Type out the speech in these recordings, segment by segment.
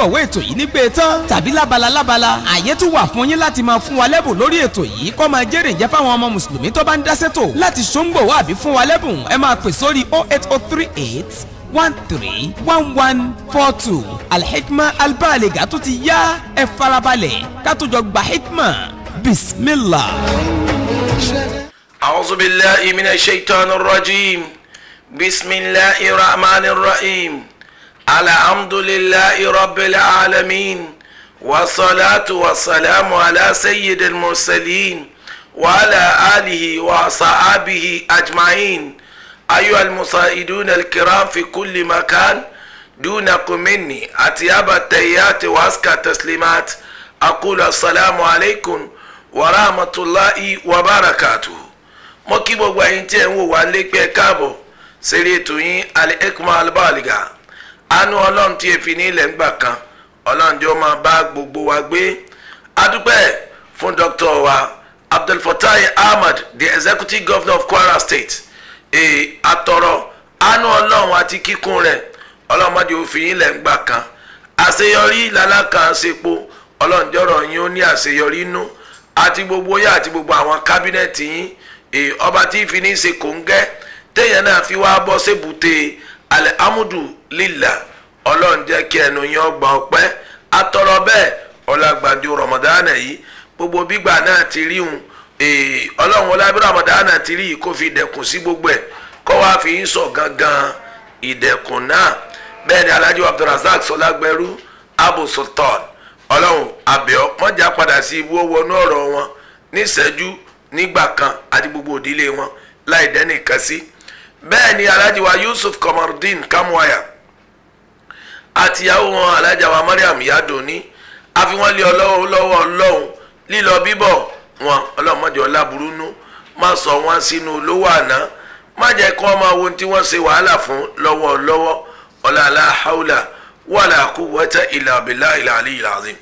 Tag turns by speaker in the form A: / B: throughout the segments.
A: onígbọ̀wọ́ ètò yìí nígbè e tán tàbí lábala lábala àyè tún wà fún yín láti máa fún wa lẹ́bùn lórí ètò yìí kó máa jẹ́rìí jẹ́ fáwọn ọmọ mùsùlùmí tó bá ń dáṣẹ́tò láti ṣóńgbòwọ́ àbí fún wa lẹ́bùn ẹ máa pè sórí 08038 alhikma albaliga tó ti yá ẹ farabalẹ̀ ká tó jọ gba hikma bismillah. a'udhu billahi minash shaitanir rajim bismillahir rahmanir rahim alhamdulillahi rabbil alamin wasalaatu wasalaamu ala sayyid al-mursalin wa ala alihi wa sa'abihi ajma'in ayyuha al-musa'idun al-kiram fi kulli makan dunakum minni atiyaba tayyati wa aska taslimat aqulu assalamu alaykum wa rahmatulahi wa barakatuhu mo kí gbogbo ẹ̀yin tí ẹ ń wò wá lé pé ẹ káàbọ̀ sẹ́rí ètò yín al-hikma al-baligha àánú ọlọ́run tí èfi ní ilẹ̀ ńgbà kan ọlọ́run jẹ́ ó máa bá gbogbo wa gbé adúpẹ́ fún dr wa abdulfatai ahmad the executive governor of kwara state èè àtọ̀rọ̀ àánú ọlọ́run àti kíkún rẹ̀ ọlọ́mọdé òfin ilẹ̀ ńgbà kan àṣeyọrí lálákàánṣepo ọlọ́run jọ̀rọ̀ yín ó ní àṣeyọrí inú àti gbogbo yá àti gbogbo àwọn kábínẹ̀tì yín ọba tí ìfiní ṣe kò ń gẹ́ téèyàn náà fi wá bọ́ sébùté alhamdu lillah ọlọ́run jẹ́ kí ẹnu yẹn ọgbà ọpẹ́ atọ́rọ bẹ́ẹ̀ ọlágbàdo ramadana yìí gbogbo gbígbà náà ti rí hun ọlọ́run ọlábí ramadana ti rí yìí kó fi dẹ̀kun sí gbogbo ẹ̀ kó wá fi ń sọ gangan ìdẹ̀kun náà bẹ́ẹ̀ ni alhaji abdulrasaq sọlágbẹ́rú abu sultan ọlọ́run àbẹ̀ọ́ mọ́jà padà sí ibú wọnú ọ̀rọ̀ wọn níṣẹ́jú nígbà kan àti gbogbo òdílé wọn láì dẹ́nìkan sí. Si bẹ́ẹ̀ ni alhaji wa yusuf kamaldeen kamuwaya àtìyàwó wọn alhaji wa mariam yadoni àfi wọn lé ọlọ́wọ́ lọ́wọ́ ọlọ́run lílọ bíbọ̀ wọn ọlọ́run mọ̀jọ́ láburúnú má sọ wọn sínú olówó àná má jẹ́ kí wọ́n máa wo tí wọ́n ṣe wàhálà fún lọ́wọ́ lọ́wọ́ ọ̀làlá haúlà wàlà quwwata illa billahi al-aliyyil azim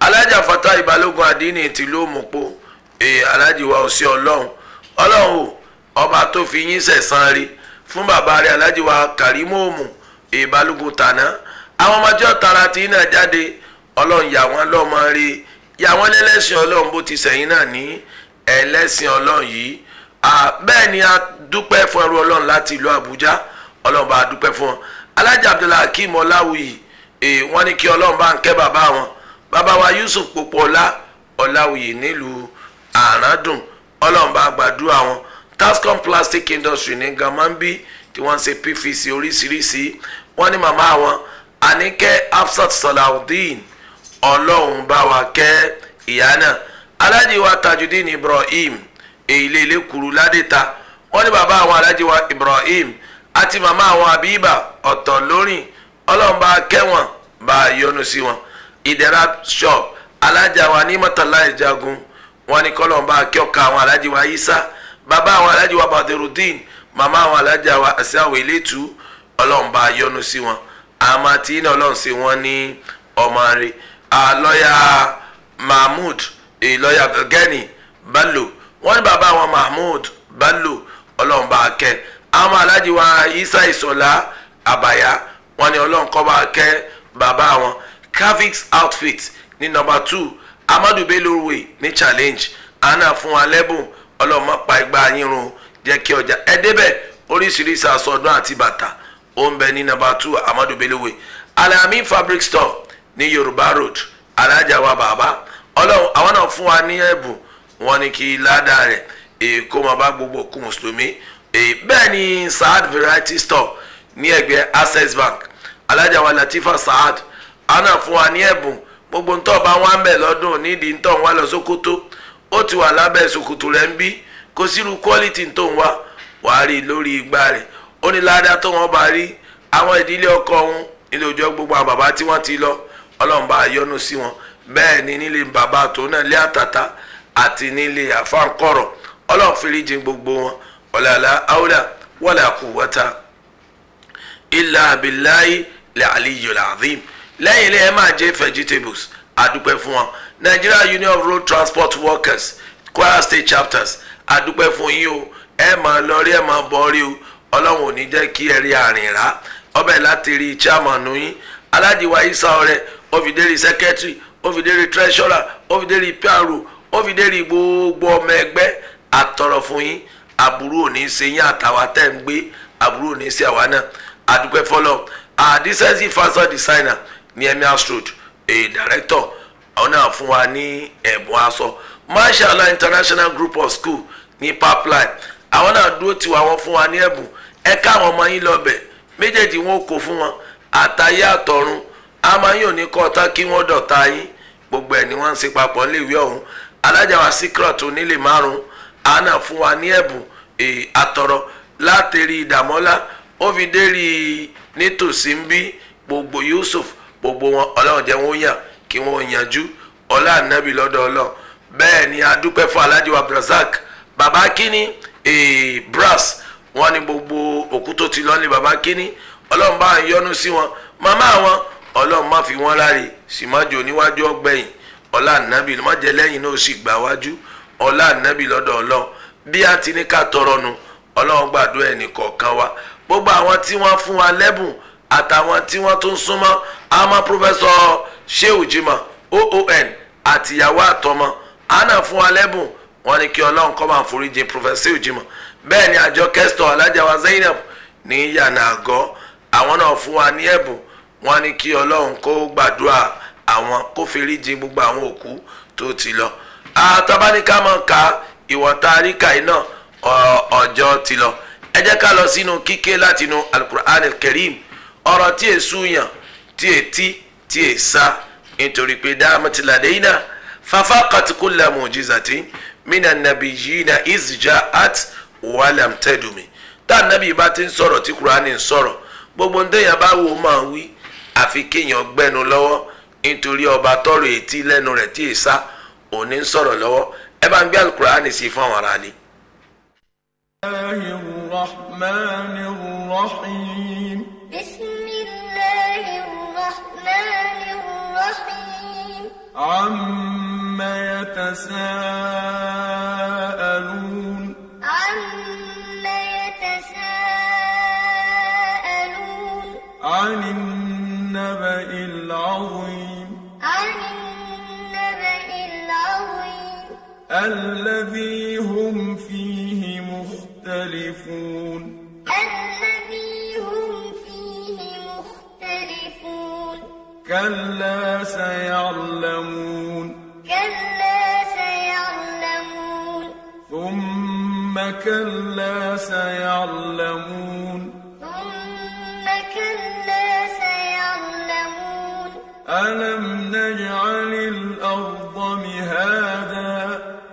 A: alhaji fatahi balógun àdínì tìlú òmùpó èè eh, alhaji wa òsì ọlọ́run ọlọ́run ò ọba tó fi yín sẹ̀san rí fún bàbá rẹ̀ alhaji wa karimomu ìbálòpọ̀ tàná àwọn ọmọjọ́ tara tí iná jáde ọlọ́run yà wọ́n lọ́mọ rí yà wọ́n lẹ́lẹ́sìn ọlọ́run bó ti sẹ̀yìn náà ní ẹlẹ́sìn ọlọ́run yìí bẹ́ẹ̀ ni a dúpẹ́ fún ẹrú ọlọ́run láti ìlú àbújá ọlọ́run bá a dúpẹ́ fún wọn alhaji abdullahi hakeem ọláwùyí wọ́n ní kí ọlọ́run bá ń kẹ́ bàbá wọn bàbá wa yusuf popola ọláwùyí nílùú àràádùn ọlọ́run bá gbàdúrà wọn Tascom Plastic Industry ní Gamanbi tí wọ́n ń ṣe PVC oríṣiríṣi wọ́n ní màmá àwọn Àníkẹ́ Hafsat Salaudeen ọlọ́run bá wa kẹ́ ìyá náà aláàjì Tajudeen Ibrahim èyílẹ̀ ìlẹ́kùrú ládẹ́ta wọ́n ní bàbá àwọn aláàjì wa Ibrahim àti màmá àwọn Abiba ọ̀tọ̀ lórin ọlọ́run bá kẹ́ wọn bá yọ́nú sí wọn ìdẹ̀ra shop alájà wa ní mọ́tàlá ìjagun wọ́n ní kọ́lọ́run bá kẹ́ ọ̀ka àwọn aláàjì wa Isa Baba àwọn alájà wa Badrudeen màmá àwọn alájà wa àṣìáwò ìlétu ọlọ́run bá yọ́nú sí wọn àmọ́ tí iná ọlọ́run sí wọn ní ọmọ rẹ̀ àlọ́yà Mahmood ìlọ́yà Gani Bello wọ́n ní bàbá àwọn Mahmood Bello ọlọ́run bá kẹ́ àwọn alájà wa Isa Isola, abaya wọ́n ní ọlọ́run kó bá kẹ́ bàbá àwọn Kavix outfit ní nọ́mbà two Amadu Bello way ní challenge Anna fún wa lẹ́bùn ọlọ́mọ pa igba yín run jẹ́ kí ọjà ẹ débẹ̀ oríṣiríṣi aṣọ ọdún àti bàtà ó ń bẹ ní nàbà two amadu belewe alami fabric store ní yorùbá road alájà wa bàbá ọlọ́run àwọn náà fún wa ní ẹ̀bùn wọn ni kí ládàá rẹ̀ èkó máa bá gbogbo òkú mùsùlùmí bẹ́ẹ̀ ni saad variety store ní ẹgbẹ́ access bank alájà wa latifa saad àwọn náà fún wa ní ẹ̀bùn gbogbo ntọ́ bá wọn bẹ̀ lọ́dún nídìí ntọ́ wọn lọ sókótó. So ó ti wà lábẹ́ ṣòkòtò rẹ̀ ń bí kò sírú quality tó ń wá wàá rí lórí igbá rẹ̀ ó ní ládàá tó wọn bá rí àwọn ìdílé ọkọ òun nílé òjò gbogbo àwọn bàbá tí wọ́n ti lọ ọlọ́run bá yọ́nú sí wọn bẹ́ẹ̀ ni nílé bàbá tó náà lé àtàtà àti nílé àfáǹkọ̀rọ̀ ọlọ́run fìríjì gbogbo wọn ọ̀làlà áúlà wala quwwata illa billahi làlíyọ̀ làdìm lẹ́yìn ilé ẹ máa jẹ vegetables adúpẹ́ fún wọn Nigeria Union of Road Transport Workers Kwara State Chapters adúpẹ́ fún yín o ẹ máa lọ rí ẹ máa bọ̀ rí o ọlọ́run ò ní jẹ́ kí ẹ rí àrìn rà ọbẹ̀ láti rí chairman yín alájíwá isa ọrẹ ó secretary ó treasurer ó fi dérí pr ó fi dérí gbogbo ọmọ ẹgbẹ́ àtọ̀rọ̀ fún yín àbúrò ò ní ṣe yín àtàwa tẹ́ ń gbé àbúrò ò ní ṣe àwa náà àdúpẹ́ fọlọ́ àdísẹ́sì fashion designer ní emir road director ọ náà fún wa ní ẹ̀bùn aṣọ mashallah international group of school ní pipeline àwọn náà dúró tiwa wọn fún wa ní ẹ̀bùn ẹ káwọn ọmọ yín lọ bẹ̀ méjèèjì wọn kò fún wọn àtayé àtọ̀run a máa yín òní kọ́ ọ̀tá kí wọ́n dọ̀ta yín gbogbo ẹ̀ ni wọ́n ń ṣe papọ̀ níléèwé ọ̀hún alájà secret onílé márùn-ún àánà fún wa ní ẹ̀bùn e, àtọ̀rọ̀ látẹ̀rí ìdàmọ́lá ó fi dé rí i nítòsí ń bí gbogbo Yusuf gbogbo wọn ọlọ́run jẹ́ wọn ó yàn kí wọn ó yanjú ọlá ànábì lọ́dọ̀ ọlọ́run bẹ́ẹ̀ ni adúpẹ́ fún alhaji abdulrasaq baba kínní eh, brass wọn ni gbogbo òkú tó ti lọ ní baba kínní ọlọ́run bá yọ́nú sí wọn màmá wọn ọlọ́run má fi wọ́n láre sì má jò níwájú ọgbẹ̀yìn ọlá ànábì má jẹ lẹ́yìn náà sì gbà wájú ọlá ànábì lọ́dọ̀ ọlọ́run bí a ti ní ká tọrọ nu ọlọ́run gbàdúrà ẹnì kọ̀ọ̀kan wa gbogbo àwọn tí wọ́n fún wa lẹ́bùn àtàwọn tí wọ́n tún súnmọ́ àmọ́ pòfẹ́sọ̀ sheu jimoh oon àtìyàwó àtọmọ àná fún wa lẹ́bùn wọn ni kí ọlọ́run kó máa foríjì pòfẹ́sọ̀ sheu jimoh bẹ́ẹ̀ ni àjọ kẹ́sítọ̀ alájà wa zainab ní yànnà àgọ́ àwọn náà fún wa ní ẹ̀bùn wọn ni kí ọlọ́run kó gbàdúrà àwọn kó foríjì gbogbo àwọn òkú tó ti lọ àtàbáníkà máa ka ìwọ̀n tá a náà ọjọ́ ti lọ ẹ jẹ́ ká lọ sínú kíké látinú alukur'an al ọ̀rọ̀ tí è súyàn tí è tí tí è sá nítorí pé dáhàmàtì làdéyìnà fàfà kàtìkùlà mùjízàtì mínà nàbì yìí nà ìzìjà àt wàlàm tẹ́dùmí tá nàbì bá ti ń sọ̀rọ̀ tí kùránì ń sọ̀rọ̀ gbogbo ń déyàn bá wò máa wí àfi kéèyàn gbẹnu lọ́wọ́ nítorí ọba tọrọ ètí lẹ́nu rẹ̀ tí è sá òní ń sọ̀rọ̀ lọ́wọ́ ẹ bá ń gbé alukùránì sí fún àwọn aráàlú. الرحمن الرحيم بسم الله الرحمن الرحيم عم يتساءل كلا سيعلمون ثم كلا سيعلمون ألم نجعل الأرض مهادا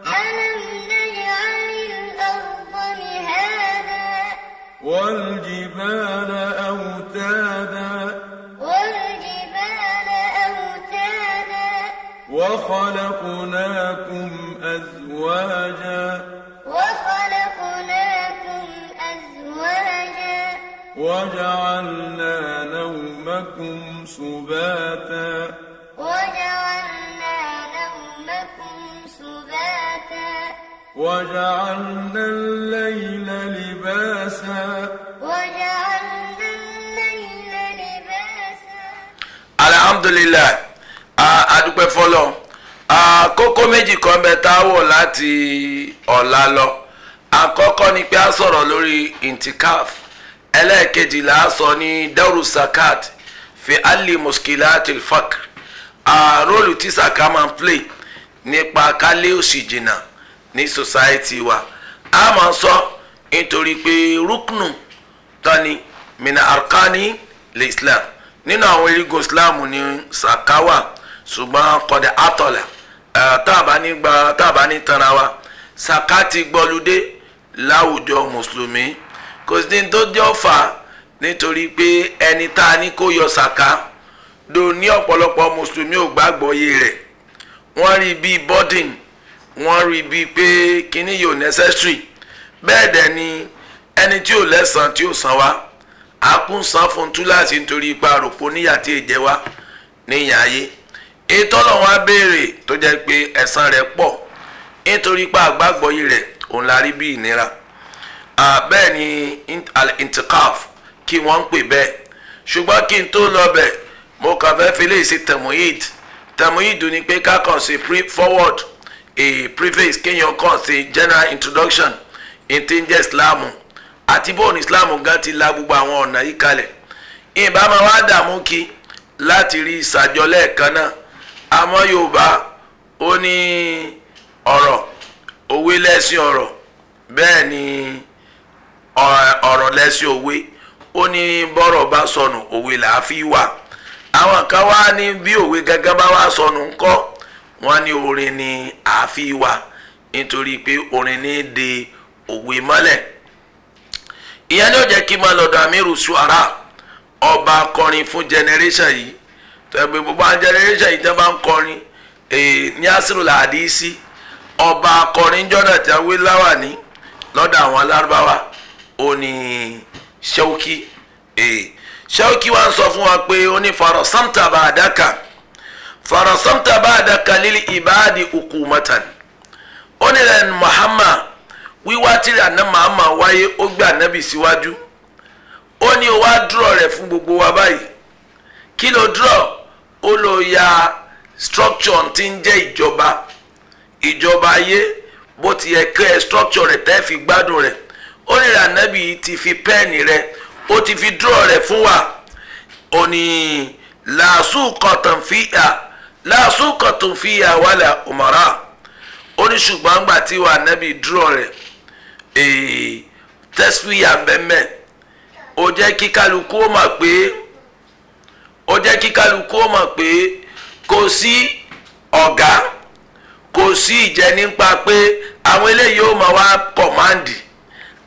A: ألم نجعل الأرض مهادا والجبال أوتادا والجبال أوتادا وخلقناكم أزواجا نومكم سباتا وجعلنا نومكم سباتا وجعلنا الليل لباسا وجعلنا الليل لباسا الحمد لله adúpẹ́ fọlọ́ kókó méjì kan bẹ tá a wọ̀ láti ọ̀la lọ àkọ́kọ́ ni pé a sọ̀rọ̀ lórí intikaf ẹlẹ́ẹ̀kejì là á sọ ní darusakat fi ali muskilatil fakr àrólù tí sa máa ń play nípa kálé òsì jìnnà ní society wa a máa ń sọ nítorí pé rúknù tani mina arkani lè islam nínú àwọn erigun islam ní saka wà ṣùgbọ́n kọ́dẹ̀ atọ́là táàbá ní gba tanra wa saka ti gbọ́lúdé láwùjọ mùsùlùmí kò sí ní tó nítorí pé ẹni tá a ní kó yọ sàká do ní ọ̀pọ̀lọpọ̀ mùsùlùmí ò gbàgbọ́ yé rẹ̀ wọ́n rí bíi burden wọ́n rí bíi pé kíní yóò necessary bẹ́ẹ̀ dẹ̀ ni ẹni tí ò lẹ́sàn tí ò san wa a kún san fún túláàsì nítorí ipa àròpọ̀ níyà tí èjẹ́ wa níyà ayé ètò ọlọ́run á béèrè tó jẹ́ pé ẹ̀san rẹ̀ pọ̀ nítorí pé àgbàgbọ́ yìí rẹ̀ òun la rí bí ìnira bẹ́ẹ̀ ni intikaf kí wọ́n ń pè bẹ́ẹ̀ ṣùgbọ́n kí n tó lọ bẹ̀ mo kàn fẹ́ fi léèsì tẹ̀múyìd tẹ̀múyìd ni pé ká kàn sí pre forward a preface kéèyàn kàn sí general introduction ètí ń jẹ́ islam àti bóun islam gan ti la gbogbo àwọn ọ̀nà yìí kalẹ̀ ìbámu wa dààmú kí láti rí ìsàjọ lẹ́ẹ̀kan náà àmọ́ yorùbá ó ní ọ̀rọ̀ òwe lẹ́sìn ọ̀rọ̀ bẹ́ẹ̀ ni ọ̀rọ̀ lẹ́sìn òwe ó ní bọ́rọ̀ bá sọnù òwe là á fi àwọn kan wá ní bí òwe gángan bá wá sọnù ńkọ́ wọ́n ní orin ni à wa fi nítorí pé orin ní de òwe mọ́lẹ̀ ni ó jẹ kí n máa lọ́dọ̀ amiru suara ọba akọrin fún generation yìí tẹ̀gbẹ́ gbogbo àwọn generation yìí tẹ́ bá ń kọrin ní asiru làdísí ọba akọrin jọ́nà tí a ní lọ́dọ̀ àwọn alárúbáwá ó ní. Ṣẹ́wókí ee Ṣẹ́wókí wa ń sọ fún wa pé ó ní farasamta bá a dáka farasamta bá a lílì ìbáàdì hukumatan ó ní lẹ́nu Muhammad wíwá tí àná Muhammad wáyé ó gbé ànábì síwájú ó ní o wá dúró rẹ̀ fún gbogbo wa báyìí kí ló dúró ó lọ ya structure tí ń jẹ́ ìjọba ìjọba ayé bó ti yẹ kí structure rẹ̀ tẹ́ fi gbádùn rẹ̀ ó ní ti fi pẹ́ẹ̀nì o ti fi dúró re fún wa ó ní làásù kọ̀tàn fìyà làásù kọ̀tàn fìyà wàlà òmàrà ṣùgbọ́n gbà tí wà nàbì dúró rẹ tẹ́sífìyà bẹ́mẹ̀ ó jẹ́ kí kálukú ó mọ̀ pé ó jẹ́ kí kálukú ó mọ̀ pé kò sí ọ̀gá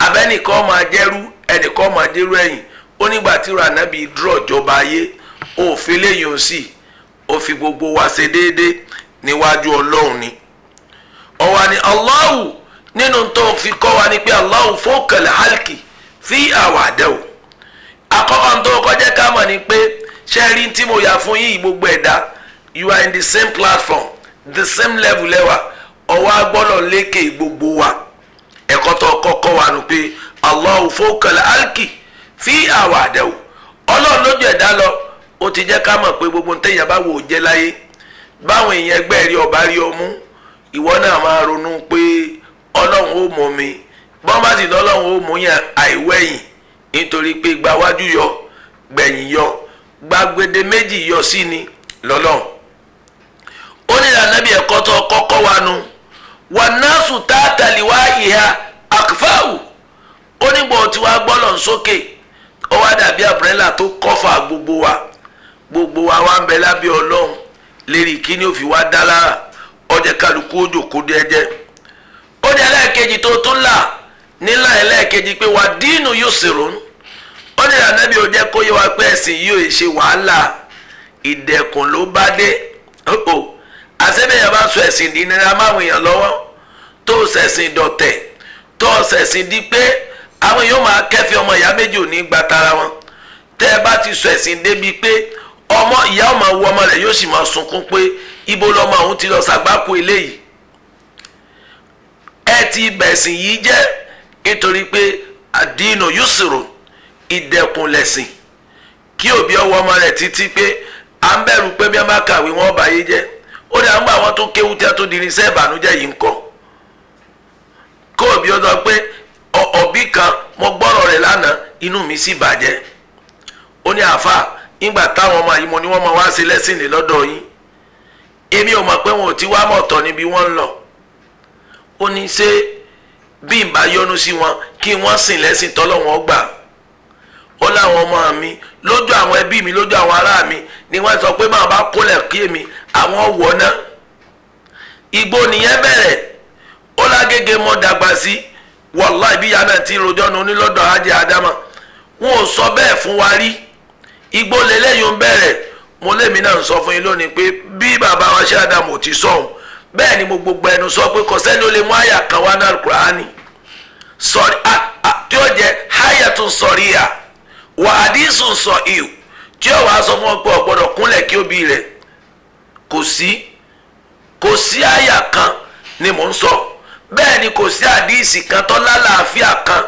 A: abẹ́nìkan máa jẹ́rú ẹnìkan máa jẹ́rú ẹ̀yìn ó nígbà tí rànábì dúró jọba ayé òfin lẹ́yìn ò sì ó fi gbogbo wa ṣe déédéé níwájú ọlọ́run ni ọ̀wà ni Allahu nínú tó fi kọ́ wa ni pé Allahu fókàlà hálkì fi àwàdà o àkọ́kọ́ tó kọjá ká mọ̀ ni pé ṣe rí tí mo yà fún yín gbogbo ẹ̀dá you are in the same platform the same level lẹ́wà ọwọ́ agbọ́dọ̀ lékè gbogbo wa. ẹ̀kọ́ tó kọ́kọ́ wà nù pé Allahu fawqal alki fi àwàdẹ̀wò ọlọrun lójú ẹ̀dá lọ ó ti jẹ́ ká mọ pé gbogbo ntẹ̀yìn bá wò ó jẹ́ láyé báwọn èèyàn ẹgbẹ́ rí ọba rí ọmú ìwọ náà máa ronú pé ọlọ́run ó mọ̀ mi bọ́n bá sì ní ọlọ́run ó mú yàn àìwẹ̀yìn nítorí pé gba yọ gbẹ̀yìn yọ gbàgbede méjì yọ sí ni lọ́lọ́run ó ní ìlànà bí ẹ̀kọ́ tó kọ́kọ́ wa nu. No wànásù tààtà lìwá ìhà àkùfáàwù ó nígbà tí wàá gbọ́lọ̀ sókè ó wá dàbí àbúrẹ́là tó kọ́fà gbogbo wa gbogbo wa wá ń bẹ lábẹ́ ọlọ́run lérí kíní òfin wá dá lára ọjà kálukú òjò kó dẹ́jẹ́ ó ní ẹlẹ́ẹ̀kejì tó tún là nílà ẹlẹ́ẹ̀kejì pé wà dínú yóò àṣẹ́bẹ̀yàn bá sọ ẹ̀sìn di nira máwọn èèyàn lọ́wọ́ tó ṣẹ̀sìn dọ̀tẹ̀ tó ṣẹ̀sìn di pé àwọn èèyàn máa kẹ́fì ọmọ ìyá méjì ò ní gba tara wọn tẹ́ ẹ bá ti sọ ẹ̀sìn débi pé ọmọ ìyá ọmọ wu ọmọ rẹ̀ yóò sì máa sunkún pé ibo lọmọ òun ti lọ ṣàgbákò eléyìí ẹ ti bẹ̀sìn yìí jẹ́ nítorí pé àdínù yusuru ìdẹ̀kùn lẹ̀sìn kí òbí ọwọ́ ọmọ rẹ̀ títí pé à ń bẹ̀rù pé bí wọ́n bá kàwé wọ́n bá yé jẹ́ ó dà ń gbà wọn tó kéwu tí a tó di irinṣẹ́ ìbànújẹ́ yìí ń kọ́ kó òbí pé kan mo gbọ́rọ̀ rẹ̀ lánàá inú mi sì bàjẹ́ ó ní àáfàá nígbà táwọn ọmọ yìí mo ní wọ́n mọ wá sí lẹ́sìn ní lọ́dọ̀ yín èmi ò mọ̀ pé wọn ò ti wá mọ̀ tọ̀ níbi wọ́n ń lọ ó ní ṣé bí yọnu sí wọn kí wọ́n sìn lẹ́sìn tọ́lọ́wọ́n ó láwọn ọmọ mi lójú àwọn ẹbí mi lójú àwọn ará mi ni wọ́n sọ pé màá bá kólẹ̀ kí èmi àwọn wọ̀ ná igbó nìyẹn bẹ̀rẹ̀ ó lágége mọ́ dàgbà sí wàláì bí yàrá ti rojọ́ nu onílọ́dọ̀ ajé adama wọn ò sọ bẹ́ẹ̀ fún wa rí igbó lélẹ́yìn bẹ̀rẹ̀ mo lèmi náà ń sọ fún yín lónìí pé bí bàbá wa ṣe àdàmú ti sọ̀hún bẹ́ẹ̀ ni mo gbogbo ẹnu sọ pé kò sẹ́ni ó lè mú àyà kan wá náà kúránì sọ̀rí ah, ah, tí ó jẹ́ háyà tún sọ̀rí yà wà á dín sùn sọ ìhù tí ó wàá sọ fún ọ pé ọ gbọ́dọ̀ kúnlẹ̀ kí òbí rẹ̀ kò sí kò sí àyà kan ni mò ń sọ bẹ́ẹ̀ ni kò sí àdíìsì kan tó lálàáfíà kan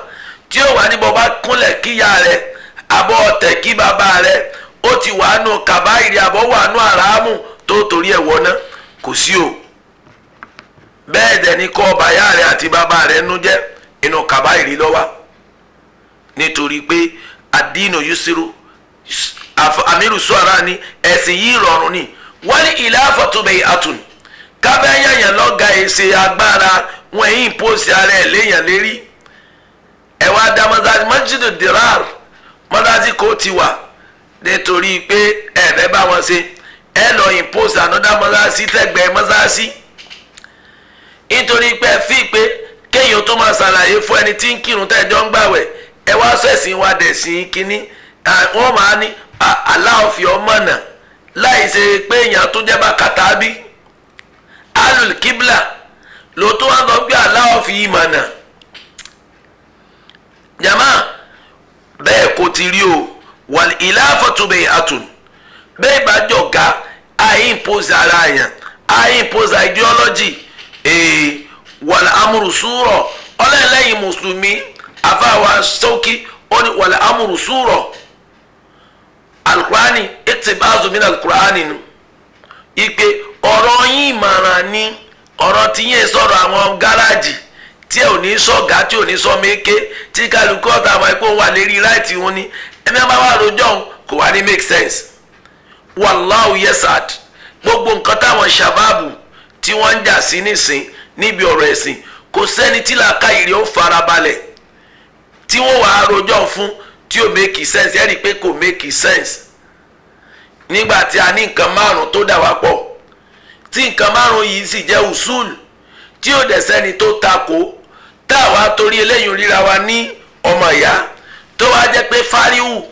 A: tí ó wàá ní bọ́ bá kúnlẹ̀ kíyà rẹ̀ abọ́ ọ̀tẹ̀ kí bàbá rẹ̀ ó ti wàá nù kàbáyìrì àbọ̀ wàá nù àràámù tó torí ẹ̀ wọ́ná kò sí o bẹ́ẹ̀ dẹ̀ ni kọ́ bàyá rẹ̀ àti bàbá rẹ̀ nú jẹ́ inú kàbáyìrì ló wà nítorí pé àdínà yusiru amiru suara ni ẹ̀sìn yìí rọrùn ni wọ́n ní ilé àfọ̀túnbẹ̀ àtùn kábẹ́ yẹ̀yẹ̀ lọ́gà èsè agbára wọn èyí pòsì ara ẹ̀ léèyàn lérí ẹ̀wọ̀n adamọ́sá mọ́jídù dirar mọ́sáàsì kò ti wà nítorí pé ẹ̀rẹ́ bá wọn ṣe ẹ lọ impose another mọ́sáàsì tẹ̀gbẹ́ mọ́sáàsì nítorí pé ẹ fi pé kéèyàn tó máa ṣàlàyé fún ẹni tí ń kírun tẹ̀jọ́ ń gbàwẹ̀ ẹ wá sẹ̀sìn wa dẹ̀ sí kínní wọ́n máa ní aláòfì ọmọnà láì ṣe pé èèyàn tó jẹ́ bá kàtà bí alul kibla ló tó wá sọ pé aláòfì ìmọ̀nà jama bẹ́ẹ̀ kò ti rí o wàl ilá fọ́túbẹ̀ àtùn bẹ́ẹ̀ bá jọ ga àìmpose ara yẹn àìmpose ideology wàl amúrùsúrọ̀ ọlẹ́lẹ́yìn mùsùlùmí afaawa Shawki ó wala amuru suro sùúrọ̀ alukurani ètìbáàzù mi ní alukurani nù ipe ọ̀rọ̀ yín ìmọ̀ràn ni ọ̀rọ̀ tí yín sọ̀rọ̀ àwọn gáràjì tí ò ní sọ̀gá tí ò ní sọ méke tí kálukú ọ̀tá àwọn ẹ̀kọ́ wà lérí láìtì wọn ni ẹni bá wà lójọ́ kò wá ní make sense wàláhù yẹsàd gbogbo nǹkan táwọn ṣàbáàbù tí wọ́n ń jà sí nísìn níbi ọ̀rọ̀ ẹ̀sìn kò sẹ́ni tí làákàyèrè ó farabalẹ̀ tí wọ́n wàá rojọ́ fún tí ò make sense ẹ rí pé kò make sense nígbà tí a ní nǹkan márùn tó dà wá pọ̀ tí nǹkan márùn yìí sì jẹ́ usul tí ò dẹ̀ sẹ́ni tó takò tá a wá torí eléyìí ríra wa ní ọmọ ìyá tó wá jẹ́ pé fáríwù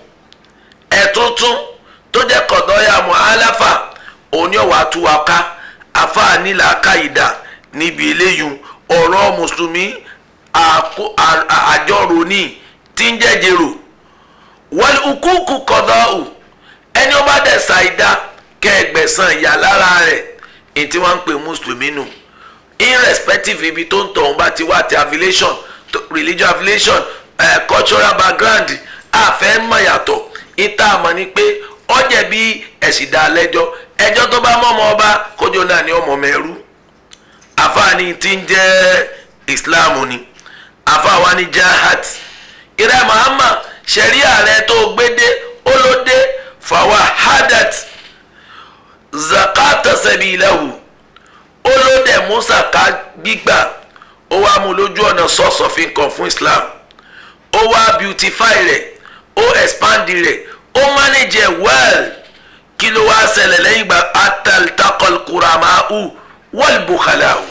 A: ẹ̀túntún tó jẹ́ kọ̀dọ́yà muhalafa òun ni ọ̀wá tú wa ká àfáà nílà káyìdá níbi eléyìí ọ̀rọ̀ mùsùlùmí àjọrò ní tí ń jẹ́jẹ̀rò wal ukuku qada'u ẹni ó bá dẹ̀ ṣàìdá kẹgbẹ̀sán lára rẹ̀ èyí tí wọ́n ń pè mùsùlùmí nù irrespective ibi tó ń tọ̀ ọ́n bá ti wá ti affiliation religious affiliation uh, cultural background àfẹ́ mọ̀ yàtọ̀ ìta àmọ́ ni pé ó jẹ̀bi ẹ̀sìn dá lẹ́jọ́ ẹjọ́ tó bá mọ́ ọmọ ọba kójó náà ni ọmọ mẹ́rú àfáàní tí ń jẹ́ Islam ni àfàwa ni jahat ìrẹ́ mahama
B: ṣẹ̀ríà rẹ
A: tó gbédé olóde fàwa hadat zakata sẹ̀bìlẹ̀wù olóde musaka gbígbà ó wá mú lójú ọ̀nà source of income fún islam ó wá beautify rẹ̀ ó expand rẹ̀ ó manage ẹ̀ e well kí ló wá ṣẹlẹ̀ lẹ́yìn ìgbà atal takol kuramau wal bukhalau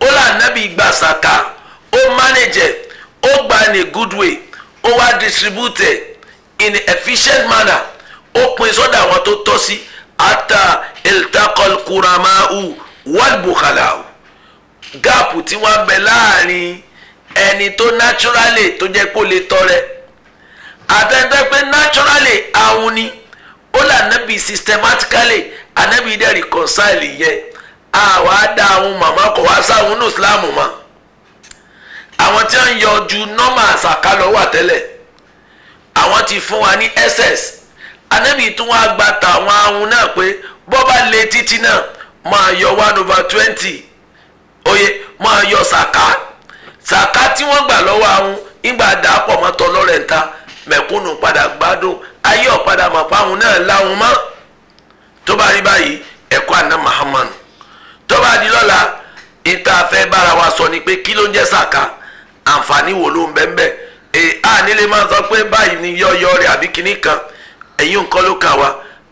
A: ó là nábì gbà saka ó manage ó gba in a good way ó wá distribute in an efficient manner ó pín sọ́dọ̀ àwọn tó tọ́ sí ata iltakol kuramau walbukhalau gáàpù tí wọ́n bẹ láàrin ẹni tó naturally tó jẹ́ kó lè tọrẹ àtẹ̀tẹ̀ pé naturally àwọn ni ó là nẹ́bi systematically ànẹ́bi dẹ̀ reconcile yẹ àwa dá àwọn màmá kọ̀ wá sáwọn ní islam mọ́. àwọn tí wọ́n yọ ju nọ́mà àṣàkálọ̀ wà tẹ́lẹ̀ àwọn ti fún wa ní ss anábì tún wá gba tàwọn ahun náà pé bọ́ títí náà máa yọ one over twenty oye máa yọ sàká sàká tí wọ́n gbà lọ́wọ́ ahun dàápọ̀ mọ́tọ́ mẹ̀kúnnù padà gbádùn ayé ọ̀padà náà láhun mọ́ tó bá rí Muhammadu tó bá di wa sọ ni pé kí ló àǹfààní wo ló ń bẹ́ẹ̀ bẹ́ẹ̀ èè á nílé máa sọ pé báyìí ni yọ́yọ́ rẹ̀ àbí kinní kan ẹ̀yìn nǹkan ló kàn wá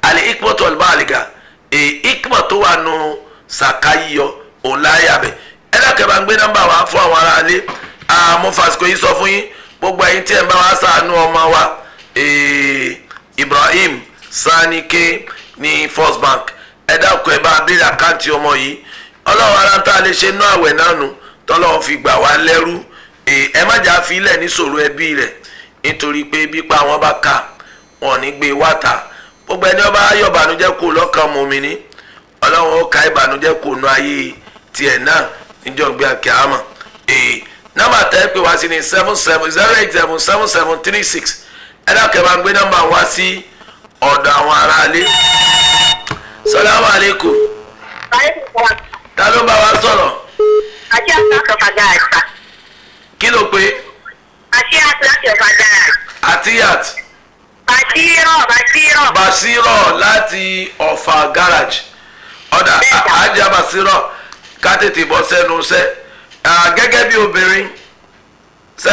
A: àlè ikmọ̀ tó ọ̀lùbá àlìgà èè ikmọ̀ tó wà nù sàkà yíyọ òun láyà bẹ̀ ẹ lọ́kẹ́ bá ń gbé nọ́mbà wá fún àwọn ará ilé àmọ́ fàsìkò yìí sọ fún yín gbogbo ẹ̀yin tí ẹ̀ ń bá wa ṣàánú ọmọ wa èè Ibrahim Sanike ní First Bank ẹ dákun ẹ bá abẹ́rẹ́ àkáǹtì ọmọ yìí ọlọ́run ara ń tà lè ṣe ná àwẹ̀ náà nù tọ́lọ́run fi gbà wá lẹ́rú ẹ má jà filẹ̀ níṣòro ẹbí rẹ̀ nítorí pé wọn bá kà wọn ní gbé e wáta gbogbo ẹni ọba ayọ̀ ìbànújẹ́ kò lọ́kàn ọlọ́run ka ìbànújẹ́ kò nu ayé tiẹ̀ náà níjọ́ gbé àkíyàmọ̀ èyí nọ́mbà tẹ́ pé wá sí ni seven seven zero eight seven seven seven three six ẹ dákẹ́ máa gbé nọ́mbà wá sí ọ̀dọ̀ àwọn ta ló bá wa sọ̀rọ̀. ló pé. Bashirat láti ọ̀fà garage. Atiyat. Bashirọ̀ Bashirọ̀. Bashirọ̀ láti ọ̀fà garage. Ọ̀dà àjà Bashirọ̀ ká tètè bọ́ sẹ́nu sẹ́. Gẹ́gẹ́ bí obìnrin ṣe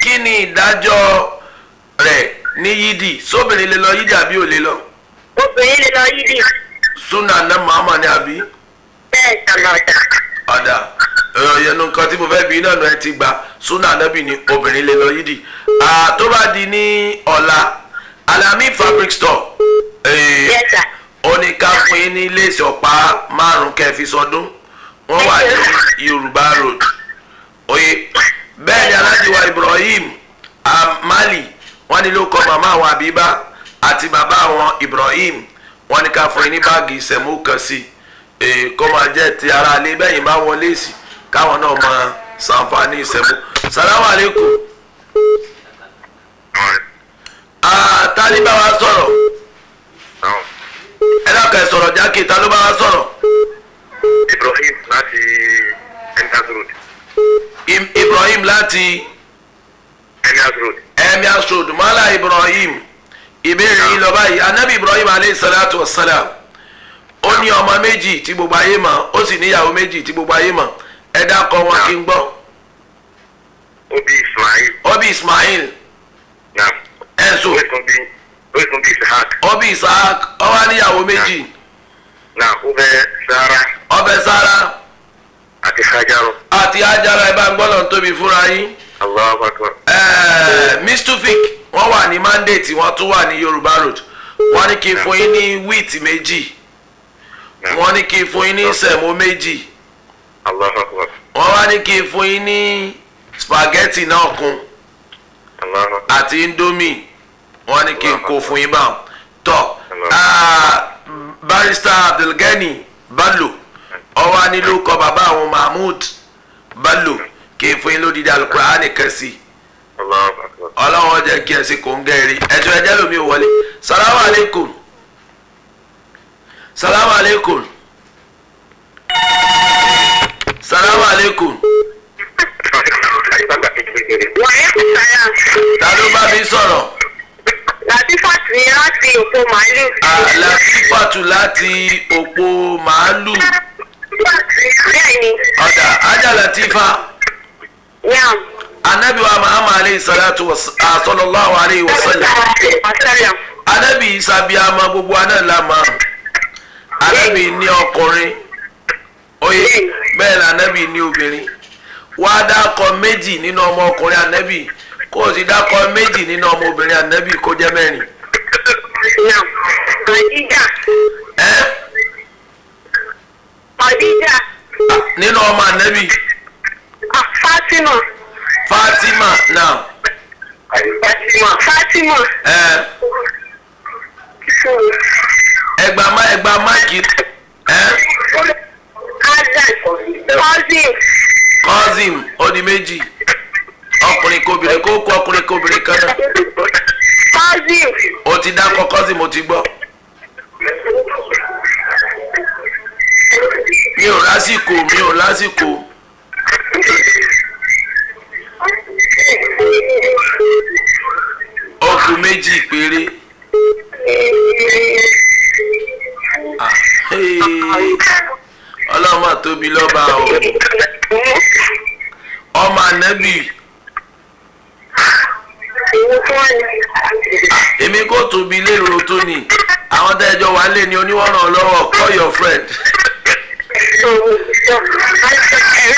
A: Kí ni ìdájọ́ rẹ̀ ní yídì? Sóbìnrin lè lọ yídì àbí ò lè lọ? Obìnrin lè lọ yídì. Súnà náà màmá ni àbí. Bẹ́ẹ̀ sọ̀rọ̀ ọ̀dà. ọ̀dà ẹnu nǹkan tí mo fẹ́ bí náà ẹ ti gbà súnà anábì ni obìnrin lè lọ yìí dì tó bá di ní ọ̀la alami fabric store ó ní ká fún yín ní iléeṣẹ́ ọ̀pá márùn-ún wọ́n wà ní Yorùbá road oye bẹ́ẹ̀ ni alájíwá Ibrahim Amali wọ́n ní ló kọ́ màmá àwọn Àbíbá àti bàbá àwọn Ibrahim wọ́n ní ká fún yín ní báàgì ìsẹ̀mú kan sí i èyí eh, kó máa jẹ́ ti ara ilé bẹ́yìn bá wọlé èsì káwọn náà máa ṣàǹfààní ìṣẹ́bù salamu aleykum. ta ni bá wa sọ̀rọ̀ ẹ dákẹ́ sọ̀rọ̀ jákè ta ló bá wa sọ̀rọ̀. Ibrahim láti Emias Road. Ibrahim láti. Emias Road. Emias Road mọ́lá Ibrahim ìbéèrè yìí lọ báyìí anabi Ibrahim aleyhi salatu wa salam. ó ní ọmọ méjì tí gbogbo ayé mọ̀ ó sì níyàwó méjì tí gbogbo ayé mọ̀ ẹ dákọ wọn kí n gbọ́. obi ismail. obi ismail. ẹ̀sùn. oyekunbi isahak. obi isahak ó wá níyàwó méjì. na ọbẹ sara. ọbẹ sara. àti hajaro. àti hajaro ẹ bá ń gbọ́dọ̀ tóbi fúnra yín. Allahu Akbar. ẹ̀ẹ́ mistufik wọ́n wà ní mandate wọ́n tún wà ní yorùbá road wọ́n ní kí n fún yín ní wíìtì méjì. wọ́n ní kí n fún yín ní sẹ̀mó méjì wọ́n wá ní kí fún yín ní spaghetti náà kún àti indomie wọ́n ní kí n kó fún yín báwọn tọ́ ah, barista abdulgani Bello ọwọ́ anílòkọ bàbá àwọn mahmood Bello kí n fún yín lódìdí alukur'ani kan sí i ọlọ́wọ́ jẹ́ kí ẹ sí kò ń gẹ́rì ẹ̀jọ̀ ẹ̀jẹ̀ lómi ò wọlé salamu aleykum salamu aleykum salamu aleykum. ta ló bá mi sọ̀rọ̀. Latifatu ni láti òpó màálù. Latifatu láti òpó màálù. Bẹ́ẹ̀ni. Ọ̀dà ajá Latifa. Yam. Anabi wa Muhammad alayhi salatu wa sallallahu alayhi wa sallam. Anabi Isa bíi ama gbogbo anáà la máa. anabi ni ọkùnrin oye bẹ́ẹ̀ ni anabi ní obìnrin wá dákọ méjì nínú ọmọ ọkùnrin anabi kó o sì dákọ méjì nínú ọmọ obìnrin anabi kó jẹ́ mẹ́rin. Khadija. ẹ. Khadija. nínú ọmọ anabi. Ah, Fatima. Fatima na. Fatima. Fatima. ẹ. ẹgbà má ẹgbà máìkì. cousin. cousin ó ní méjì ọkùnrin kobìnrin kó kó ọkùnrin kobìnrin kan náà. cousin. o ti dákọ cousin mo ti gbọ́. mi ò lásìkò mi ò lásìkò. ó méjì péré. ọlọ́mọ tóbi lọ́ba o ọmọ ànábì èmi kò tóbi lérò tó ni àwọn tẹ́jọ́ wà lé ní oníwọ̀ràn lọ́wọ́ call your friend.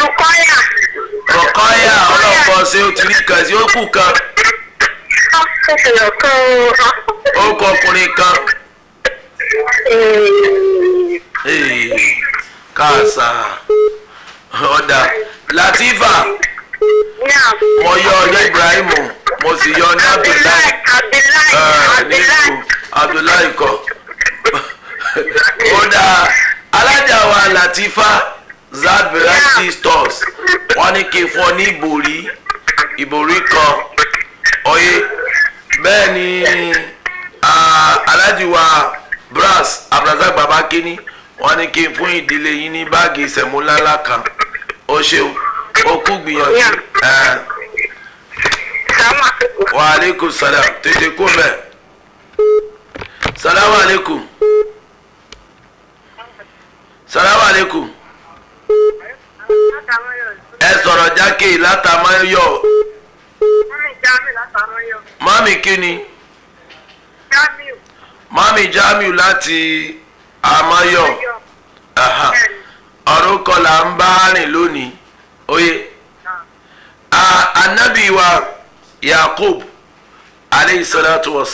A: rọkọ́yà rọkọ́yà ọlọ́pọ̀ o ti rí kan sí ó kù kan. ó kọkùnrin kan. káàsà ọ̀dà Latifa mo yọ ọ̀rẹ́ Ibrahim mo sì yọ ní Abdullahi Abdullahi eh, kọ ọ̀dà alájà wa Latifa zad variety stores wọ́n ní kí n fún ọ ní ìbòrí ìbòrí kan ọyẹ bẹ́ẹ̀ ni ah, alájì wa. Bras, abdulrasaq baba kínní wọ́n ní kí n fún ìdílé yín ní báàgì ìsẹ̀múlálá kan ó ṣeun ó kú gbìyànjú. wa Salaam salam tètè kú mẹ́. salamu aleykum. salamu aleykum. ẹ sọ̀rọ̀ jákè látàmáyọ̀. mami kí ni. jamiu. mami jamiu láti amayọ ọ̀rọ̀ la ń bá rìn lónìí oye anabi wa yakub aleyhi salatu wa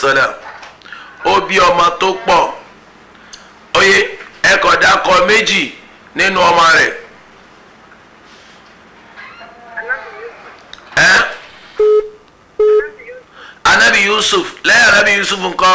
A: ọmọ tó pọ̀ oye ẹkọ dakọ méjì nínú ọmọ rẹ anabi yusuf lẹ́yìn anabi yusuf ńkọ́.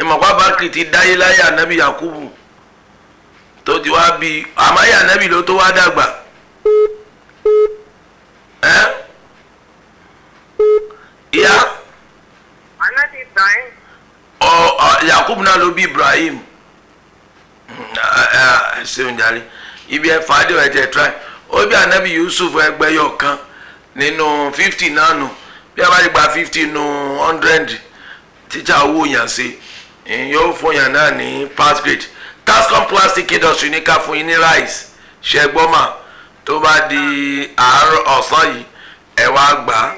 A: ìmọ̀pá bákìrì ti dáyé láyé ànábì yakubu tó ti wá bí àmáyé ànábì ló tó wá dàgbà ẹ ìyá. ànábì ibrahim. ọ yakubu náà ló bí ibrahim ẹ ẹ ṣeun jàre ibi ẹ fàádé ẹ tẹ tíráì ó bí ànábì yusuf ẹgbẹyọ kan nínú fifty náà nù bí a bá ti gba fifty nù hundred tíjà owó yàn sí i yóò fún yàn náà ní pass grade tascom plastic industry ní ká fún yín ní rice ṣẹgbọ́mà tó bá di àárọ̀ ọ̀sán yìí ẹ wá gbà á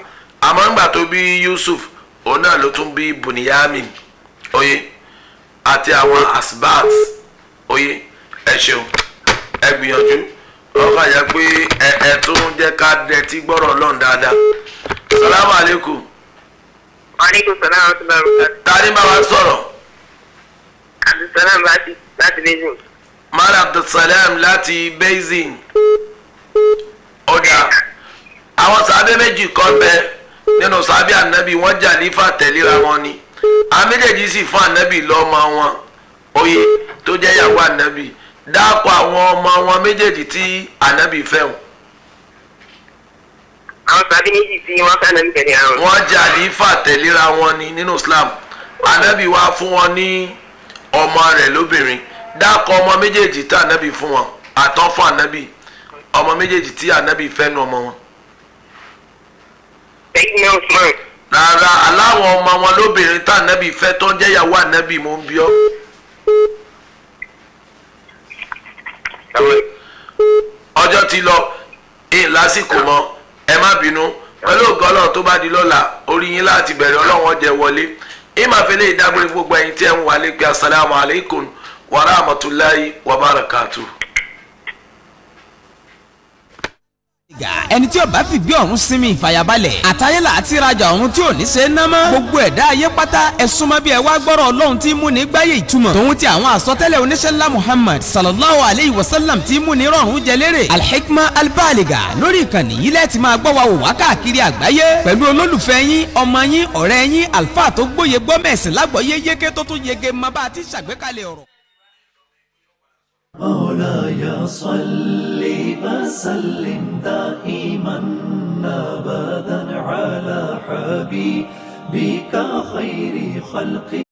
A: àmọ́ ńgbà tó bí Yusuf òun náà ló tún bí Bunyamin oye àti àwọn asbat oye ẹ ṣeun ẹ gbìyànjú ọkọ àyà pé ẹ ẹ tún jẹ́ ká dẹtí gbọ́rọ̀ lọ́n dáadáa salamu aleykum. maaleykum salaam wa rahmatulah. ta ni bá wa sọ̀rọ̀ abdulsalam láti láti beijing. mara abdulsalam láti beijing ọjà àwọn sábẹ́ méjì kan bẹ nínú sábẹ́ ànábì wọ́n jà nífà tẹ̀léra wọn ni àwọn méjèèjì sì fún ànábì lọ́mọ wọn oyè tó jẹ́ ìyàwó ànábì dáàpọ̀ àwọn ọmọ wọn méjèèjì tí ànábì fẹ́ wọn. àwọn sábẹ́ méjì tí wọ́n fẹ́ ànábì tẹ̀léra wọn. wọ́n jà nífà tẹ̀léra wọn ni nínú islam ànábì wa fún wọn ní. Ni ọmọ rẹ̀ lóbìnrin dákọ̀ ọmọ méjèèjì tá ànábì fún wọn àtọ́ fún ànábì ọmọ méjèèjì tí ànábì fẹ́ nu ọmọ wọn. rárá aláwọn ọmọ wọn lóbìnrin tá ànábì fẹ́ tó ń jẹ́ ìyàwó ànábì mò ń bí ọ. ọjọ́ ti lọ ìyìn lásìkò mọ́ ẹ má bínú pẹ̀lú ògọ́lọ́ tó bá di lọ́la orí yín láti bẹ̀rẹ̀ ọlọ́wọ́n jẹ wọlé ìmàfẹ́lẹ́ ìdágbére gbogbo ẹ̀yin tí ẹ̀ ń wálé pé asalaamualeykum wa rahmatulahi wa barakatuh. ẹni tí ó bá fìgbé ọ̀run sinmi ìfàyàbalẹ̀ àtayélà àti ìrajà ọ̀run tí ò ní ṣe é ná mọ́ gbogbo ẹ̀dá ayé pátá ẹ súnmọ́ bí ẹ wá gbọ́rọ̀ ọlọ́run tí mú ní gbáyé ìtumọ̀ tòun ti àwọn àsọtẹ́lẹ̀ oníṣẹ́ ńlá muhammad sallallahu alayhi wa sallam tí mú ní rọrùn jẹlérè alhikma albaaliga. lórí ìkànnì yìí lẹ́ẹ̀ ti máa gbọ́ wa wò wá káàkiri àgbáyé pẹ̀lú olólùfẹ́ yín ọmọ yín ọ̀rẹ́ yín àlùfáà tó gbóye gbọ́mẹ̀sìn مولاي صلي وسلم دائما ابدا على حبيبك خير خلق